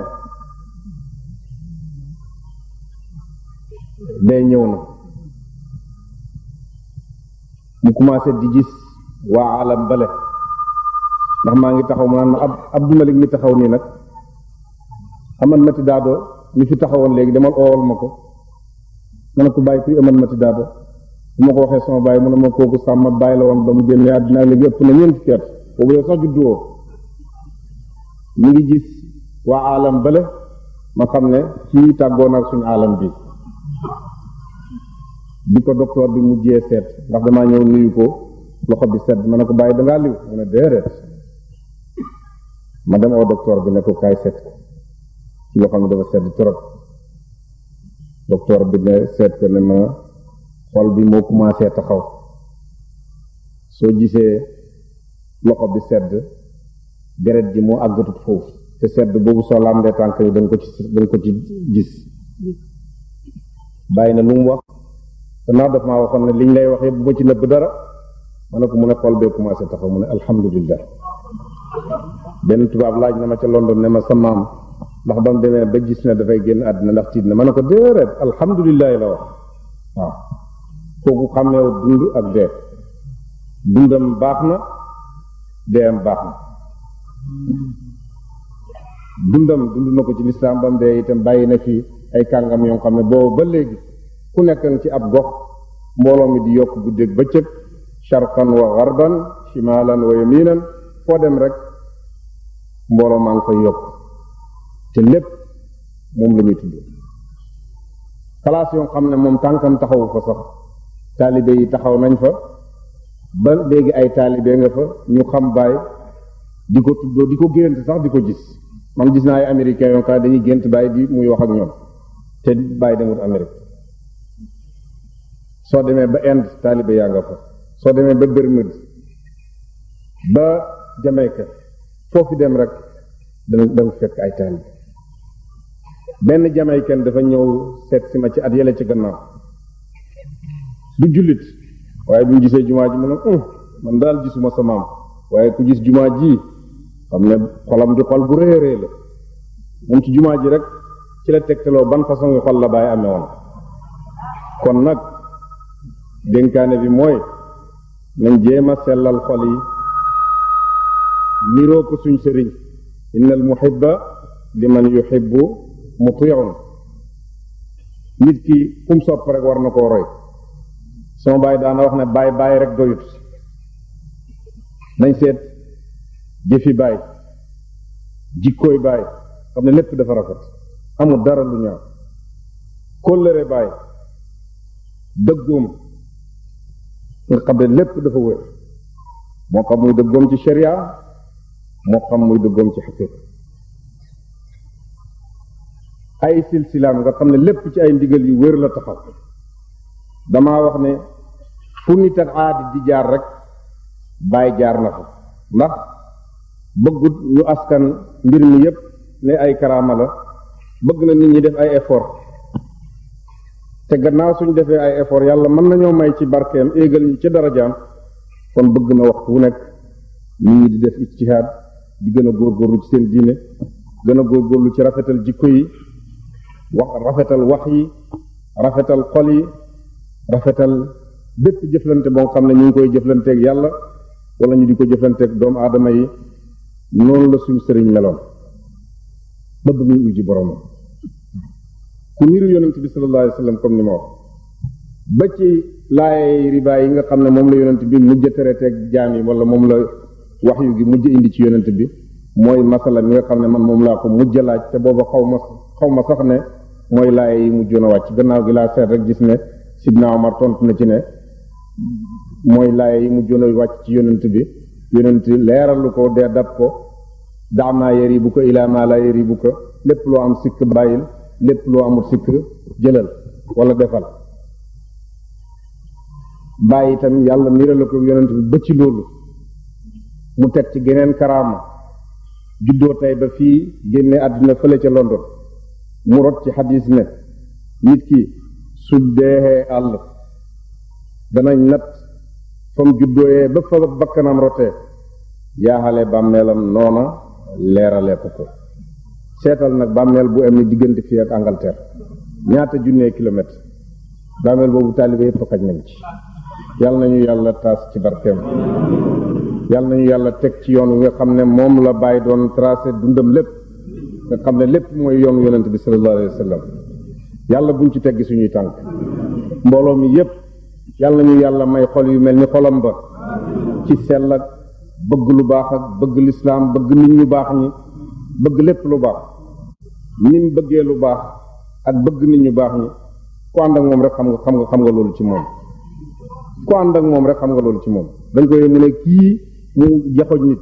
day ñëw na mu commencé di gis waa alam bale ndax maa ngi taxaw ma naan ma ab Abdou mi taxaw nii nag xaman mati daadoo mi fi taxawoon léegi demal oowal ma ko ma ne ko bàyyi kuy amal mati daabo bu ma ko waxee sama bàyyi mu ne ma kooku sàmma bàyyi la woon ba mu génnee àddina léegi ëpp na ñeenti keet boobu yow sax mu ngi gis waa aalam bële ma xam ne ci tàggoon ak suñu aalam bi bi ko docteur bi mujjee seet ndax damaa ñëw nuyu ko loxo bi sedd ma ne ko bàyyi dangaa liw mu ne déedéet ma dem oo docteur bi ne ko kaay seet ci loxo mi dafa sedd trop docteur bi ne seet ko ne ma xol bi moo commencé taxaw soo gisee loxo bi sedd deret ji moo àggatut foofu te sedd boobu soo làmbee tànk yi danga ko ci ko ci gis bàyyi na lu mu wax te naa daf maa waxoon ne ñu lay wax yëpp bu ma ci nëbb dara ma ne ko mu ne xol bee commencé taxaw mu ne alhamdulillah benn tubaab laaj na ma ca London ne ma sa maam ndax ba mu demee ba gis ne dafay génn àddina ndax tiit na ma ne ko déeréet alhamdulilahi la wax waaw kooku xàmmeewu dund ak dee dundam baax na deeyam baax na dundam dund na ko ci lislaam ba mu dee itam bàyyi na fi ay kàngam yoo xam ne boobu ba léegi ku nekkan ci ab gox mbooloo mi di yokk guddeeg bëccëg sharqan wa garban shimalan wa yaminan foo dem rek mbooloo maa ngi koy yokk te lépp moom la ñuy tudd classe xam ne moom tànkam taxawu fa sax taalibe yi taxaw nañ fa ba léegi ay taalibe nga fa ñu xam baay di ko tuddoo di ko gént sax di ko gis man gis naa ay américains yoo xam dañuy gént baay di muy wax ak ñoom te baay demut Amérique soo demee ba Inde taalibe yaa nga fa soo demee ba Bermude ba Jamaïque foofu dem rek danga fekk ay taalibe benn jamaykan dafa ñëw seet si ma ci at yële ci gannaaw du jullit waaye bu gisee jumaa ji mu ne man daal gisuma sa maam waaye ku gis jumaa ji xam ne xolam di xol bu réerée la moom ci jumaa ji rek ci la tegtaloo ban façon ngi xol la bàyyi amee woon kon nag dénkaane bi mooy nañ jéem sellal xol yi niroo ko suñ sëriñ inna di muhibba liman yuhibbu mu tuyoon nit ki ku mu sopp rek war na koo roy sama baay daana wax ne baay baay rek doyut nañ seet jëfi baay jikkooy baay xam ne lépp dafa rafet amul dara lu ñaaw kóllëre baay dëggoom nga xam ne lépp dafa wér moo xam muy dëggoom ci sharia moo xam muy dëggoom ci xaqiiqa ay silsilaam nga xam ne lépp ci ay ndigal yu wér la taxaw damaa wax ne fu nit ak aadi di jaar rek bàyyi jaar na fa ndax bëggut ñu askan mbir mi yépp ne ay karaama la bëgg na nit ñi def ay effort te gannaaw suñ defee ay effort yàlla mën nañoo may ci barkeem éegal ñi ci darajaam kon bëgg na waxtu wu nekk nit ñi di def ijtihaad di gën a góorgóorlu ci seen diine gën a góorgóorlu ci rafetal jikko yi wax rafetal wax yi rafetal xol yi rafetal bépp jëflante boo xam ne ñu ngi koy jëflanteek yàlla wala ñu di ko jëflanteeg doomu aadama yi noonu la suñu sëriñ meloon ba muy uji boromam ku niru yonent bi sallallahu comme ni ba ci laay riba yi nga xam ne moom la yonent bi mujj tereteeg jaam yi wala moom la wax yu gi mujj indi ci yonent bi mooy masala mi nga xam ne man moom laa ko mujj laaj te booba xaw ma xaw ma sax ne mooy laay yi mujjoon a wàcc gannaaw gi laa seet rek gis ne Sidna Omar tontu na ci ne mooy laay yi mujjoon a wàcc ci yonent bi yonent leeralu ko dee dab ko daanaa yër yi bu ko ilaa naa yi bu ko lépp loo am sikk bàyyil lépp loo amul sikk jëlal wala defal bàyyi itam yàlla niral ko yonent bi ba ci loolu mu teg ci geneen karaama juddoo tey ba fii génne àddina fële ca London mu rot ci xadis ne nit ki su deexee àll danañ nat fam juddooyee ba fa bakkanam rotee yaaxale bàmmeelam noona leeralee ko ko seetal nag bàmmeel bu am ni diggante fii ak Angleterre ñaata junnee kilomètre bàmmeel boobu taalibe yëpp xaj nañ ci yàlla nañu yàlla taas ci barkeem yàlla nañu yàlla teg ci yoon wi nga xam ne moom la bàyyi doon tracé dundam lépp nga xam ne lépp mooy yoonu yonent bi sallallahu alayhi yàlla buñ ci teggi suñuy tànk mbooloo mi yépp yàlla na ñu yàlla may xol yu mel ni xolam ba ci sell ak bëgg lu baax ak bëgg lislaam bëgg nit ñu baax ñi bëgg lépp lu baax nim bëggee lu baax ak bëgg nit ñu baax ñi ku ànd ak moom rek xam nga xam nga xam nga loolu ci moom ku ànd ak moom rek xam nga loolu ci moom dañ koy mu ne kii mu jaxoj nit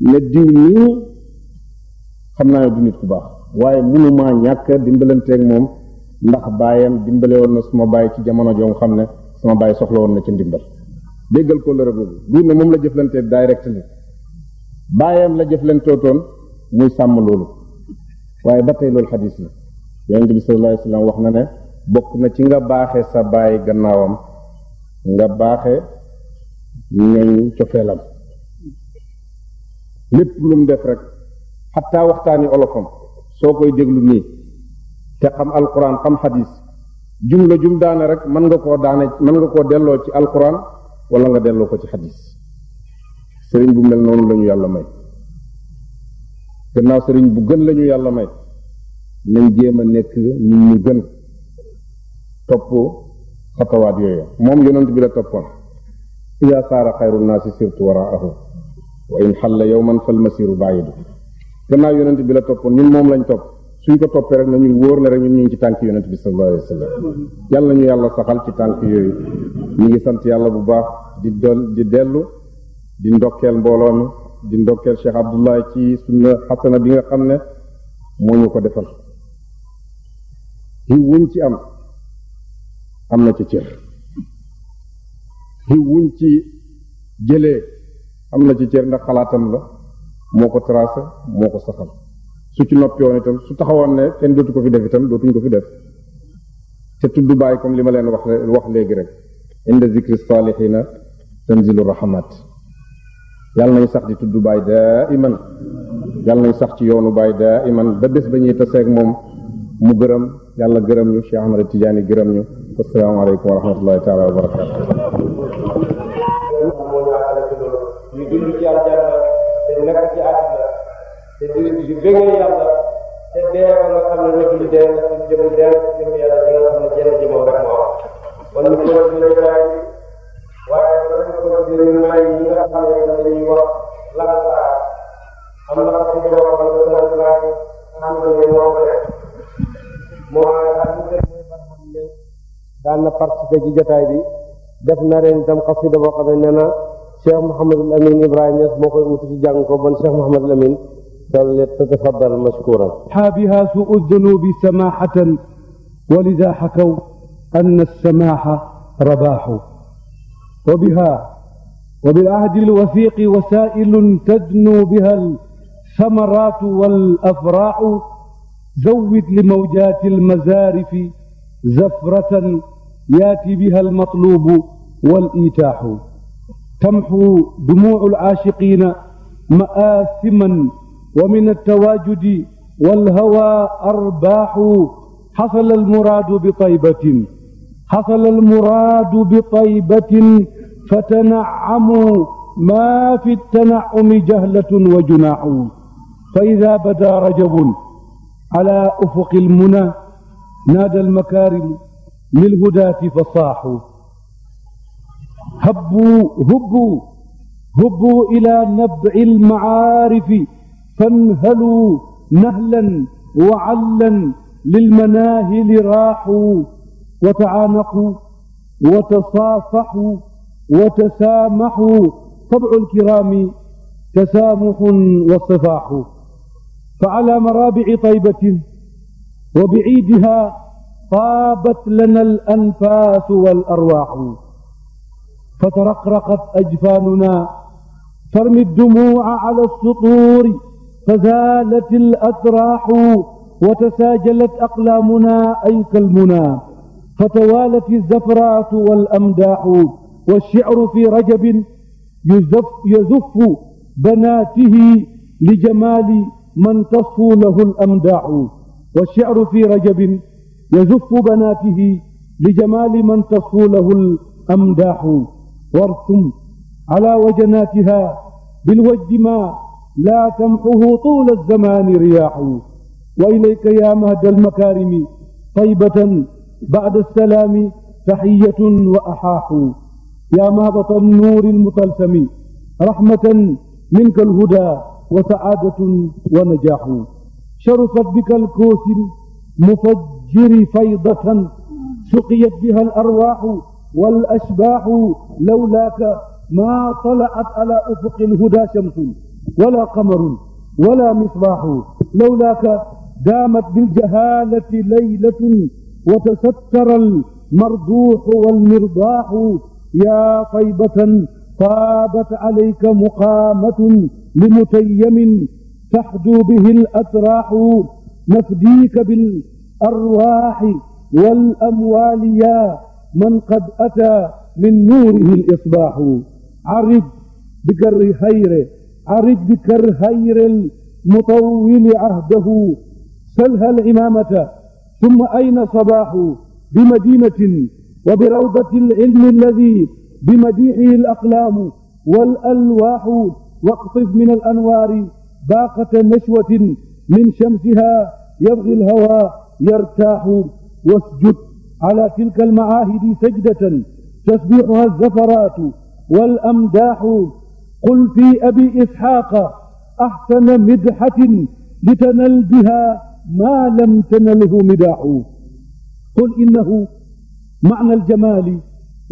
ne diw nii xam naa ne du nit ku baax waaye mënumaa ñàkk dimbalanteeg moom ndax baayam dimbale woon na suma baay ci jamono joo xam ne sama baay soxla woon na ci ndimbal déggal ko lëre boobu du ne moom la jëflantee direct ni baayam la jëflantootoon muy sàmm loolu waaye ba tey loolu xadis la yonente bi sallallahu alayhi wax na ne bokk na ci nga baaxe sa baay gannaawam nga baaxe ñooñ cofeelam lépp lu mu def rek xattaa waxtaani olofam soo koy déglu nii te xam alquran xam xadis jumla jum daane rek mën nga koo daane mën nga koo delloo ci alquran wala nga delloo ko ci xadis sëriñ bu mel noonu lañu yàlla may gannaaw sëriñ bu gën lañu yàlla may nañ jéem a nekk ñu ñu gën topp xatawaat yooyu moom yonent bi la toppoon ida saara xayru naasi sirtu waraahu wa in xalla yowman falmasiru baidu gannaaw yonent bi la toppoon ñun moom lañ topp suñ ko toppee rek na ñun wóor la rek ñun ñu ngi ci tànk yonent bi sallallahu alayhi wasallam yàlla ñu yàlla saxal ci tànk yooyu ñu ngi sant yàlla bu baax di dol di dellu di ndokkeel mbooloo mi di ndokkeel cheikh abdullah ci sunna xasana bi nga xam ne moo ñu ko defal xiw wuñ ci am am na ci cër xiw wuñ ci jëlee am na ci cër ndax xalaatam la moko tracer moko saxal su ci nopi woon itam su taxawon ne ken dootu ko fi def itam dootuñ ko fi def te tuddu bay comme lima len wax wax léegi rek inda zikri salihin tanzilur rahmat yàlla nay sax di tuddu bay daa iman yàlla nay sax ci yoonu bay daa iman ba bés ba ñuy taseeg moom mu gërëm yàlla gërëm ñu cheikh amadou tidiane gërëm ñu assalamu alaykum wa rahmatullahi taala wa barakatuh ni dund ci aljanna te nek ci jullit yi bëggee yàlla te dee ba nga xam ne nag li na suñ jëm dee jëm yàlla di nga xam ne jenn ji rek moo kon ñu continuer waay waaye dañu continuer waay yi nga xam ne dañuy wax laxasaar am na xam ne yoo xam ne dañu laaj xam ne ñu moo ko def moo xam ne daan na participé ci jotaay bi def na na Cheikh Amin ci ko Cheikh Amin فليتفضل مشكورا حابها سوء الذنوب سماحة ولذا حكوا أن السماح رباح وبها وبالعهد الوثيق وسائل تدنو بها الثمرات والأفراح زود لموجات المزارف زفرة ياتي بها المطلوب والإيتاح تمحو دموع العاشقين مآثما ومن التواجد والهوى أرباح حصل المراد بطيبة حصل المراد بطيبة فتنعموا ما في التنعم جهلة وجناع فإذا بدا رجب على أفق المنى نادى المكارم للهداة فصاحوا هبوا هبوا هبوا إلى نبع المعارف فانهلوا نهلا وعلا للمناهل راحوا وتعانقوا وتصافحوا وتسامحوا طبع الكرام تسامح وصفاح فعلى مرابع طيبة وبعيدها طابت لنا الأنفاس والأرواح فترقرقت أجفاننا ترمي الدموع على السطور فزالت الأتراح وتساجلت أقلامنا أي كلمنا فتوالت الزفرات والأمداح والشعر في رجب يزف, يزف بناته لجمال من تصفو له الأمداح والشعر في رجب يزف بناته لجمال من تصفو له الأمداح وارسم على وجناتها بالوجد ما لا تمحه طول الزمان رياح وإليك يا مهد المكارم طيبة بعد السلام تحية وأحاح يا مهبط النور المطلسم رحمة منك الهدى وسعادة ونجاح شرفت بك الكوس المفجر فيضة سقيت بها الأرواح والأشباح لولاك ما طلعت على أفق الهدى شمس ولا قمر ولا مصباح لولاك دامت بالجهالة ليلة وتستر المرضوح والمرضاح يا طيبة طابت عليك مقامة لمتيم تحدو به الأتراح نفديك بالأرواح والأموال يا من قد أتى من نوره الإصباح عرض بكر خيره عرج كالخير المطول عهده سلها العمامة ثم أين صباح بمدينة وبروضة العلم الذي بمديحه الأقلام والألواح واقطف من الأنوار باقة نشوة من شمسها يبغي الهوى يرتاح واسجد على تلك المعاهد سجدة تسبيحها الزفرات والأمداح قل في أبي إسحاق أحسن مدحة لتنل بها ما لم تنله مداح قل إنه معنى الجمال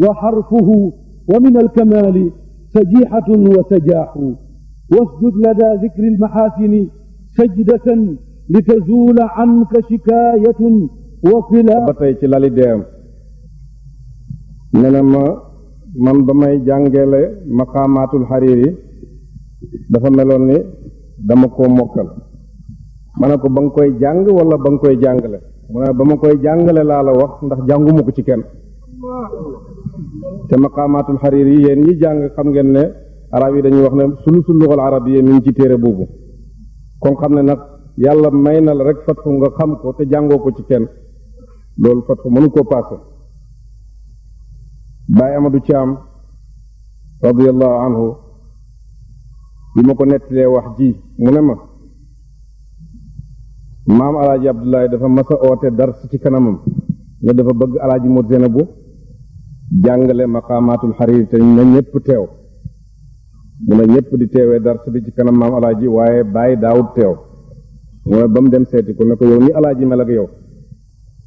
وحرفه ومن الكمال سجيحة وسجاح واسجد لدى ذكر المحاسن سجدة لتزول عنك شكاية وفلا man ba may maqamatul hariri dafa meloon ni dama ko mokkal ma ne ko ba nga koy jàng wala ba nga koy jàngale mu ne ba ma koy jàngale laa la wax ndax jànguma ko ci kenn te maqamatul hariri yéen ñi jàng xam ngeen ne arab yi dañuy wax ne sulusul lugal arabiyya mi ngi ci téere boobu kon xam ne nag yàlla may na la rek fatfu nga xam ko te jàngoo ci kenn loolu fatfu mënu ko Baay Amadou Thiam radiallahu anhu bi ma ko nettalee wax ji mu ne ma maam alaaji Abdoulaye dafa mas a oote dars ci kanamam nga dafa bëgg alaaji Modou Zeynabou jàngale maqaamaatul xariir te na ñëpp teew mu ne ñëpp di teewee dars bi ci kanam maam alaaji waaye bàyyi daawut teew mu ne ba mu dem seeti ko ne ko yow ni alaaji mel ak yow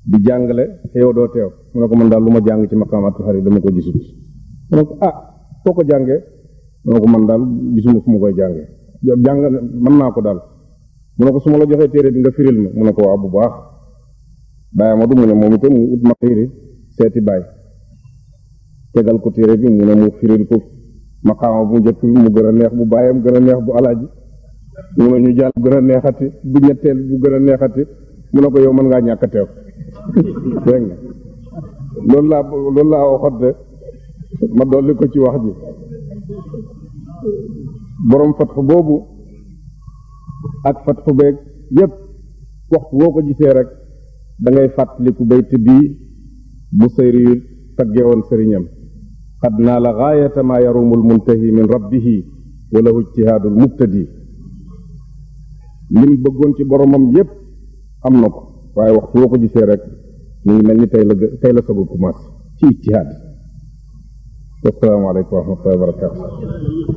di jàngale te yow doo teew mu ne ko man daal lu ma jàng ci maqaamaatul xarit dama ko gisut mu ne ko ah foo ko jàngee mu ne ko man daal gisuma fu ma koy jàngee ya, jàng mën naa ko daal mu ne ko su ma la joxee téere di nga firil ma mu ne ko waa bu baax bàyyi ma du mu ne moom itam mu ut ma seeti bàyyi tegal ko téere bi mu ne mu firil ko maqaama bu njëkk mu gën a neex bu bàyyam gën a neex bu alaaji mu ne ñu jàll gën a neexati bu ñetteel bu gën a neexati mu ne ko yow man ngaa ñàkk teew dégg nga loolu laa loolu laa waxoon de ma dolli ko ci wax ji borom fatxu boobu ak fatxu beeg yépp waxtu woo ko gisee rek dangay ngay fàttaliku bayt bii bu sëyri yu sëriñam xadd naa la gaayata maa yarumul muntahi min rabbihi wa lahu ijtihaadul mubtadi lim bëggoon ci boromam yépp am na ko waaye waxtu woo ko gisee rek mi ngi mel ni tey la tey la soog a commencé ci ijtihaad wasalaamaaleykum wa rahmatulah wa barakaatu